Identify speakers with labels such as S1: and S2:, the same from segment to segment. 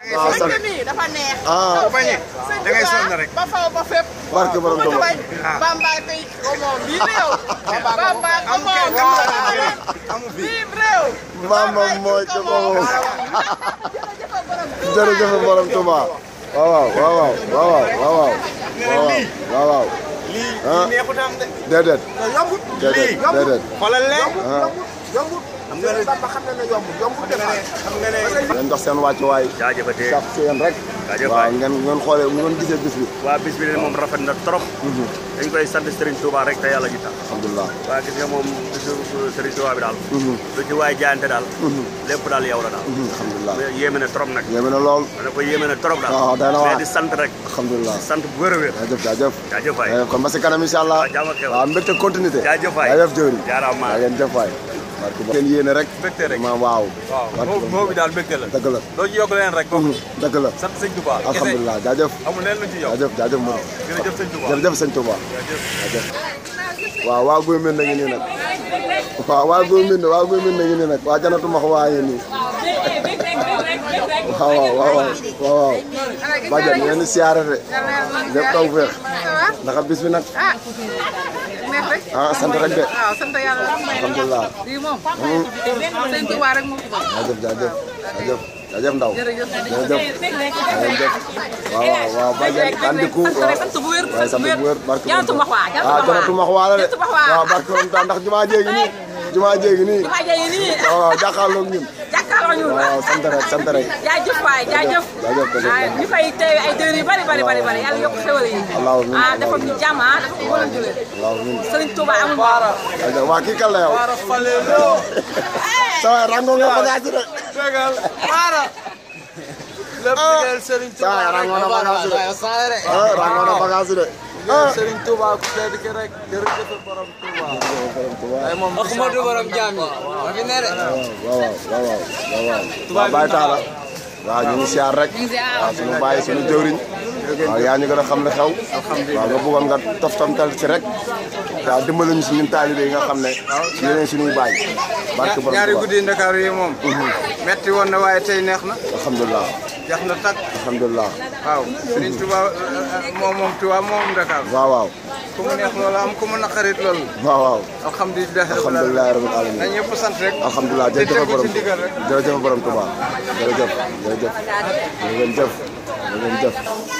S1: waaw sant
S2: dañ yombul. xam nga ne Bamba xam na ne yombul yombul defar. xam nga ne ngeen dox seen wàccuwaay. jaajëfatee sax si yéen rek. jaajëf waaw ngeen ngeen xoolee ngeen gisee bis bi. waaw bis bi de moom rafet na trop. Mhm. dañ koy sant Serigne Touba rek te yàlla ji tax. alhamdulilah waaw gis nga moom bisu Serigne Touba bi daal. Mhm. lu ci waay jaayante daal. Mhm. lépp daal yow la daal. alhamdulilah yéeme na trop nag. yéeme na lool. ma ne ko yéeme na trop daal. waaw ah, day na waay mais di sant rek. alhamdulilah sant bu wér a wér. jaajëf jaajëf. jaajëf waay eh, kon ba si kanam incha allah. waaw jaama xew waaw mbégte continuité. jaajëf waay jaajëf jëwri. jaaraama yaa ngeen jëf waay. seen yéene rek mbégte rek ma waaw waaw moo bi daal mbégte la dëgg la doo ci yokk leen rek mm, dëgg la sant sëñ Touba alhamdulilah jaajëf amul leen lu ci yow jaajëf jaajëf mo
S1: jërëjëf sëñ Touba
S2: jërëjëf sëñ Touba jaajëf waaw waa Guy Mbind na ngi nii nag waaw waa Guy Mbind waa Guy Mbind na ngi nii nag waa janatu max waaye nii
S1: waaw waaw waaw waaw
S2: waaw bajan ngeen siyaare de lépp taw feex
S1: ndax bis bi nag santai ah, rek santai ah, sant rek de waaw sant yàlla alhamdulilah lii moom hmm. sëñ Touba rek moo ko bëgg
S2: jaajëf jaajëf jaajëf jaajëf ndaw jërëjëf jërëjëf waaw waaw waaw bàjjen andiku waaw
S3: sant waaw sant rek sant rek. jaajëf waay
S1: jaajëf. jaajëf ah, ñu koy teew ay déwén yu bari bari bari bari yàlla yokk xewal yi. ah dafa ñu jàmm ah dafa ko mën
S2: a
S1: Serigne Touba amul moom.
S2: waaw kii kan la yow. sa waay rango nga bagage rek.
S1: lépp liggéeyal ah. Serigne Touba. Ah, rango na bagage de. ah Serigne Touba ku tedd ki rek jërëjëf borom
S2: Touba. jërëjëf borom Touba. tey moom Ahmadou borom jaam yi. waaw waaw waaw waaw waaw. Baye Talla. waaw ñu ngi siyaar rek. waaw suñu bàyyi suñu jëwriñ. waaw yaa ñu gën a xam la xew waaw nga bëggoon nga toftantal ci rek waaw dimbali si ñun taalibe yi nga xam ne yeneen suñuy baay barke borom ñaari guddi Ndakaaru yi moom mhm. metti woon na waaye tey neex na alhamdulilah jeex na tak alhamdulilah waaw Serigne Touba mhm. euh, euh, moom moom waaw waaw ku mu neex loolu am ku mu naqarit loolu waaw waaw alhamdulilah alhamdulilah rabbil alamin na ñëpp sant rek alhamdulilah jërëjëf borom jërëjëf borom Touba jërëjëf jërëjëf jërëjëf jërëjëf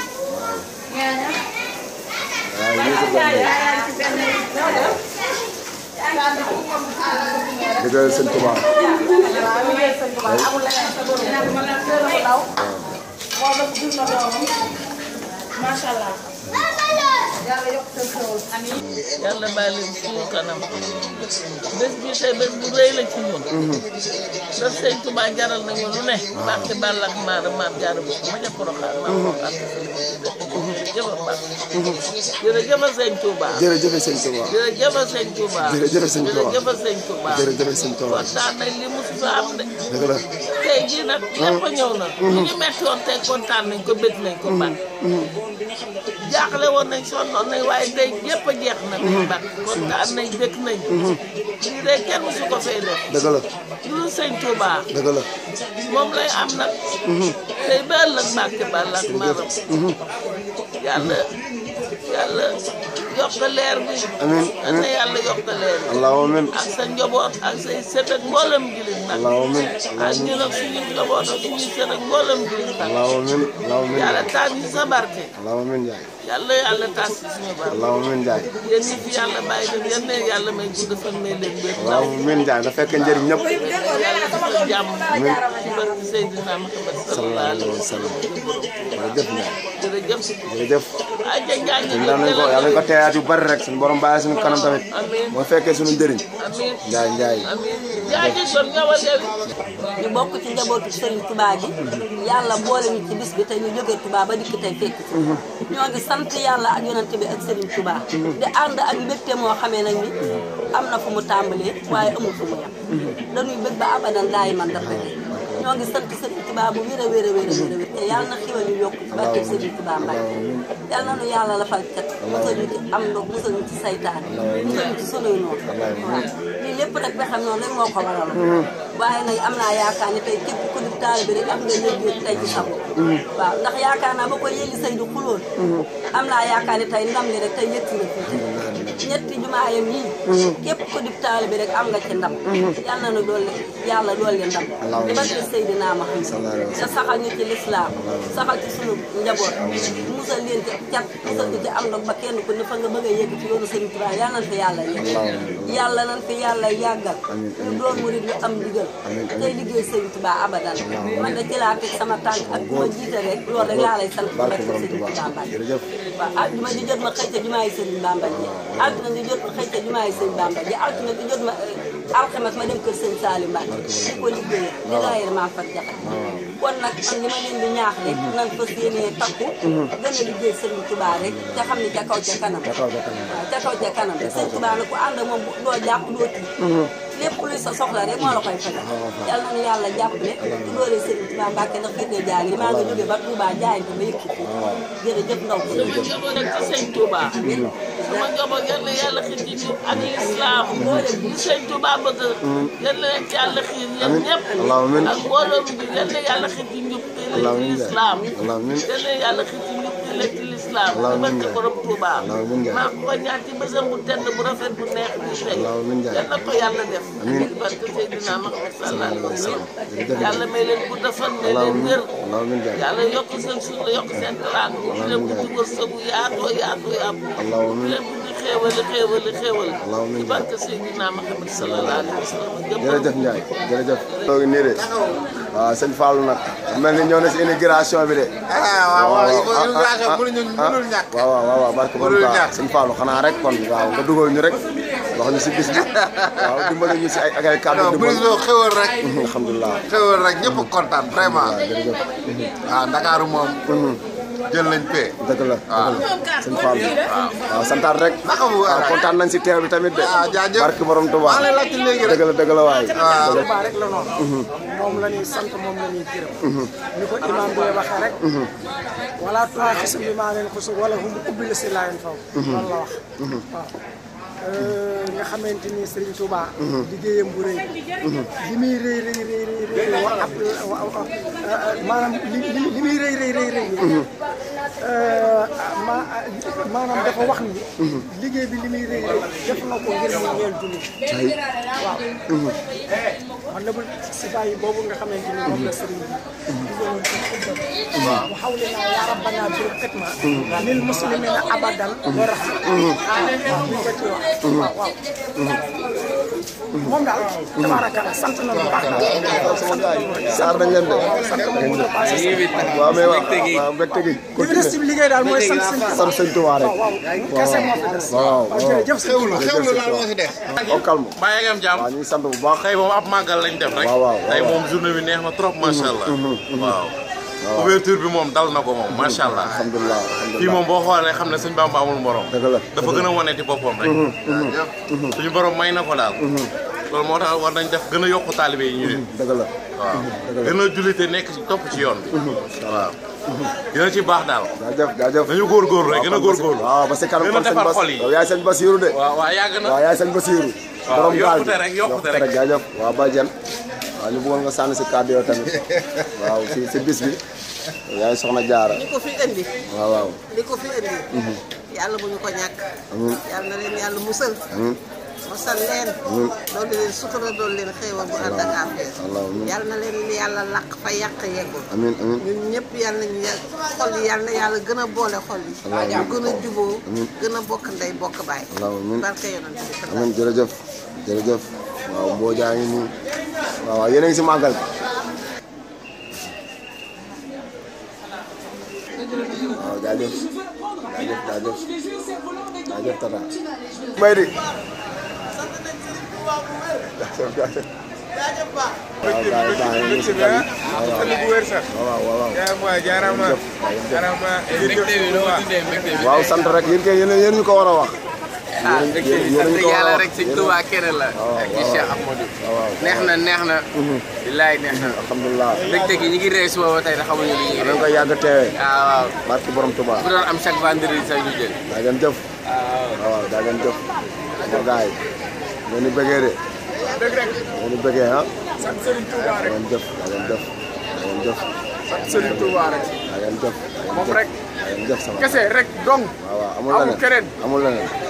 S1: liggéeyal sëñ Tuubaa macha allah yàlla yokk sa xéwal amiin yàlla baal leen suñu kanam bés bi tey bés bu rëy la ci ñun ndax sëñ Tuba jaral nañu lu ne barke Balla ak Maara maam jaara bu ma ja Porokhane maam jërëjëf sëñ Tuba
S2: jërëjëf sëñ Tuba
S1: jërëjëf sëñ Tuba jërëjëf sëñ Tuba jërëjëf sëñ Tuba kontaan nañ li musu am de tey jii nag lépp ñëw na mm-hmm. lu ñu metti woon tey nañ ko bég nañ ko mm-hmm. ban mm-hmm. jaaxle woon nañ sonnoon nañ waaye tey yépp a jeex na nañ ban kontaan nañ bég nañ lii de kenn musu ko fay la lu sëñ Touba dëgg la moom lay am nag tey ba ëllëg Mbàkke Bàll ak maram yàlla yàlla yokk leer bi. amiin amiin na yàlla yokk leer bi. allahumma amiin ak sa njaboot ak say set ak mboolem jullit nag. allahumma amiin ak ñun ak suñu njaboot ak suñu set ak mboolem jullit nag. allahumma amiin allahumma amiin yàlla taas ñu sa barke.
S2: allahumma amiin jaay.
S1: yàlla yàlla taas ci suñu barke. allahumma amiin jaay. yéen ñi fi yàlla bàyyi dem yéen ne yàlla may gudd fan may leen wér. allahumma amiin jaay na fekk njëriñ ñëpp. yàlla defal jàmm. amiin ci barke Seydina Muhammad sallallahu alayhi wa sallam. jërëjëf Ndiaye. jërëjëf jërëjëf yal nañ ko yal nañ ko
S2: teeyaat yu bari rek suñu borom bàyyi suñu kanam tamit moo fekkee suñu njëriñ
S3: njaay njaay ñu bokk ci njabootu Serigne Touba gi yàlla boole ñu ci bis bi tey ñu jógee Touba ba dikk tey fekk mhm. ñoo ngi sant yàlla ak yonante bi ak Serigne Touba mhm. di ànd ak mbégte moo xamee nag ni am na fu mu tàmbalee waaye amul fu mu yem mhm. dañuy bëgg ba abadan laay man dafa ñoo ngi sant Serigne Touba bu wér a wér a te yàlla na xiwal ñu yokk ci barke Serigne Touba Mbacke yàlla na nu yàlla la fal cat mosal ñu ci am ndox mosal ñu ci saytaan mosal ñu ci sunuy noonu lépp nag pexem noonu rek moo ko waral waaye nag am naa yaakaar ne tey képp ku di taalibe rek am nga yëg-yëg tey ci sago xuloon am naa yaakaar ne tey ndam li rek tey na fii ñetti jumaayam yi képp ku di taalibe rek am nga ci ndam yàlla na doole ndam di ba ci Seydina Muhammad te saxal ñu ci lislaam saxal ci sunu njaboot musal leen cat musal ci am ndox ba kenn ku fa nga bëgg a yëg ci yoonu Sëriñ Tuubaa yàlla na fa yàlla yëg yàlla nan fi yàlla yàggal ñu doon murid ñu am ndigal tey liggéey sëñ Tuubaa abadan man da ci laa teg sama tànk ak bu ma jiite rek loolu rek laa lay sant bu barke sëñ Tuubaa Mbàkke waaw ak juma ji jot ma xëy ca jumaay sëñ Bamba ji altine ji jot ma xëy ca jumaay sëñ Bamba ji altine ji jot ma alxames ma dem kër sëñ Saali Mbacke di ko liggéeyee di laayir maa fat jaxat kon nag man li ma leen di ñaax mhm. nan fas yéenee takku mhm. gën a liggéey sëñ Tuubaa rek te xam ne ca kaw ca kanam ca kaw ca kanam sëñ Tuubaa nag ku ànd ak moom doo jàpp doo tiit mhm. lépp luy sa soxla rek moo la koy fajal yal nañu yàlla jàppale ci doole Serigne Touba Mbacke ndax fi nga jaar yi maa ngi jóge ba Touba jaay ko ba yëkki jërëjëf ndaw ko sama njaboot ak ci sëñ Touba sama njaboot yal na yàlla xiir ci ak lislaam li sëñ Touba bëgg
S1: yal na yàlla xiir yéen ñëpp ak mbooloo bi yal na yàlla xiir ci njub lislaam yal na yàlla xiir ci njub lislaam di bëgg borom Tuuba maa ko ko ñaan ci bésam bu tedd bu rafet bu neex bu tey
S2: yal na
S1: ko yàlla def amiin barke Seydina Muhammad sallallahu alayhi wa sallam yàlla may leen gudd fan may leen wér yàlla yokk seen suuf yokk seen talaang di leen guddi wërsëgu yaatu yaatu yaatu di leen guddi xéewal xéewal xéewal ci barke Seydina Muhammad sallallahu alayhi wa sallam
S2: jërëjëf Ndiaye jërëjëf waaw sëñ Fallou nag mel ni ñoo ne si immigration bi de. Ah, waaw waaw immigration ah, ah, mënuñu mënul ñàkk. xanaa rek kon waaw nga dugal ñu rek wax ñu si bis bi waaw dimbali si ay ak ay kàddu. dimbali rek. alhamdulilah xéwal rek ñëpp kontaan vraiment. waaw Ndakaaru jël nañ paie. dëgg la waaw ah. sëñ Fall ah, waaw santaat rek. Ah, waaw kontaan nañ si teew bi tamit de. waaw jaajëf barke borom Tuubaa dëgg la dëgg la waay. waaw Tuubaa rek la noonu. Mhm. moom la ñuy sant moom la ñuy gërëm. Mhm. ni ko imaam bi waxee rek. Mhm. wala tuwaa xisum bi maa leen ko wala hum ubbi la si laayoon faw. loolu la wax waaw. nga xamante ni Serigne Touba. liggéeyam bu rëy. li muy rëy rëy rëy
S3: rëy wa
S2: ab li li muy rëy rëy rëy dafa wax ni.
S1: liggéey bi li muy rëy rëy def na ko ngir mu waaw. man la si bàyyi boobu nga xamante ni moom la Serigne وحولنا يا ربنا بركتنا للمسلمين ابدا ورحمه moom daal. tabaarakalla sant na lu baax
S2: daal. saar nañ leen de. waaw mais waaw waaw mbégte gi. li ñu des ci liggéey daal mooy sant sëñ Tuubaa. sant sëñ Tuubaa rek. waaw waaw jërëjëf sëñ Tuubaa xew na daal moo si def. au calme. bàyyi nga am jàmm waaw ñu ngi sant bu baax. tey moom ab màggal lañ def rek. waaw waaw waaw tey moom journée bi neex na trop macha mm-hmm, allah. Mm-hmm, mm-hmm. waaw. couverture bi moom dal na ko moom macha allah. alhamdulilah alhamdulilah kii moom boo xoolee xam ne sëñ Bamba amul morom. dafa gën a waneti boppam rek. Mm-hmm, mm-hmm, mm-hmm. suñu borom may na ko daal. loolu moo tax war nañ def gën a yokku taalibe yi ñu ne. dëgg gën a jullite nekk topp ci yoon bi. waaw. dina ci baax daal. jaajëf jaajëf dañu góorgóorlu rek gën a góorgóorlu. waaw parce que kanam kon sëñ Bas yaay sëñ Basiiru de. waaw waaw yàgg na waaw ñu bëggoon nga sànni si kàddu yoo tamit waaw si si bis bi yaay soxna jaara li
S1: ko fi indi waaw waaw li ko fi indi mhm. yàlla bu ñu ko ñàkk mhm. yàlla yàlla leen yàlla làq fa yàq yeggul amiin amiin yàlla xol yàlla gën a boole xol yi ñu gën a juboo gën a bokk ndey bokk baay barke yonent bi
S2: amiin jërëjëf jërëjëf waaw mboo jaa ngi nii waaw waaw yéen a ngi si màggal bi waaw jaajëf jaajëf jaajëf jaajëf tata may di jaajëf waaw gaay gaay ñu waaw waaw rek yéen kay yéen ñu ko war
S3: ah dëgg sant yàlla rek sëñ Touba
S2: keneen la. ak ci Cheikh Ahmadou. neex na neex na. Mhm. bilaay neex na. alhamdulilah mbégte gi ñu ngi rey suba ba tey te xamuñu lu ñuy rey. ko yàgg a teewee. Ah, waaw waaw. barki borom Touba. bu doon am chaque vendredi sax ñu jël. daa ngeen jëf. Ah, waaw ah, waaw daa ngeen jëf. sama gars yi. ngeen di bëggee de. dëgg rek ngeen di bëggee ah. sant Serigne Touba rek. daa ngeen jëf daa ngeen jëf daa ngeen jëf. sant Serigne Touba rek. daa ngeen jëf. moom rek. daa ngeen jëf sama kese rek dong. waaw waaw amul leneen amul keneen.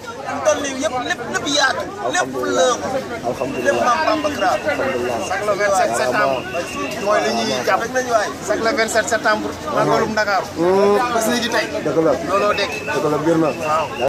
S2: ñu toll nii yëpp lépp lépp yaatu. lépp lëngu.
S1: lépp maam Bamba Kara. chaque le septembre. mooy li ñuy jàpp rek nañu waay. chaque le 27 septembre. magalum Dakar. Mm-hmm. bés tey. dëgg la looloo dekk.
S2: dëgg la na.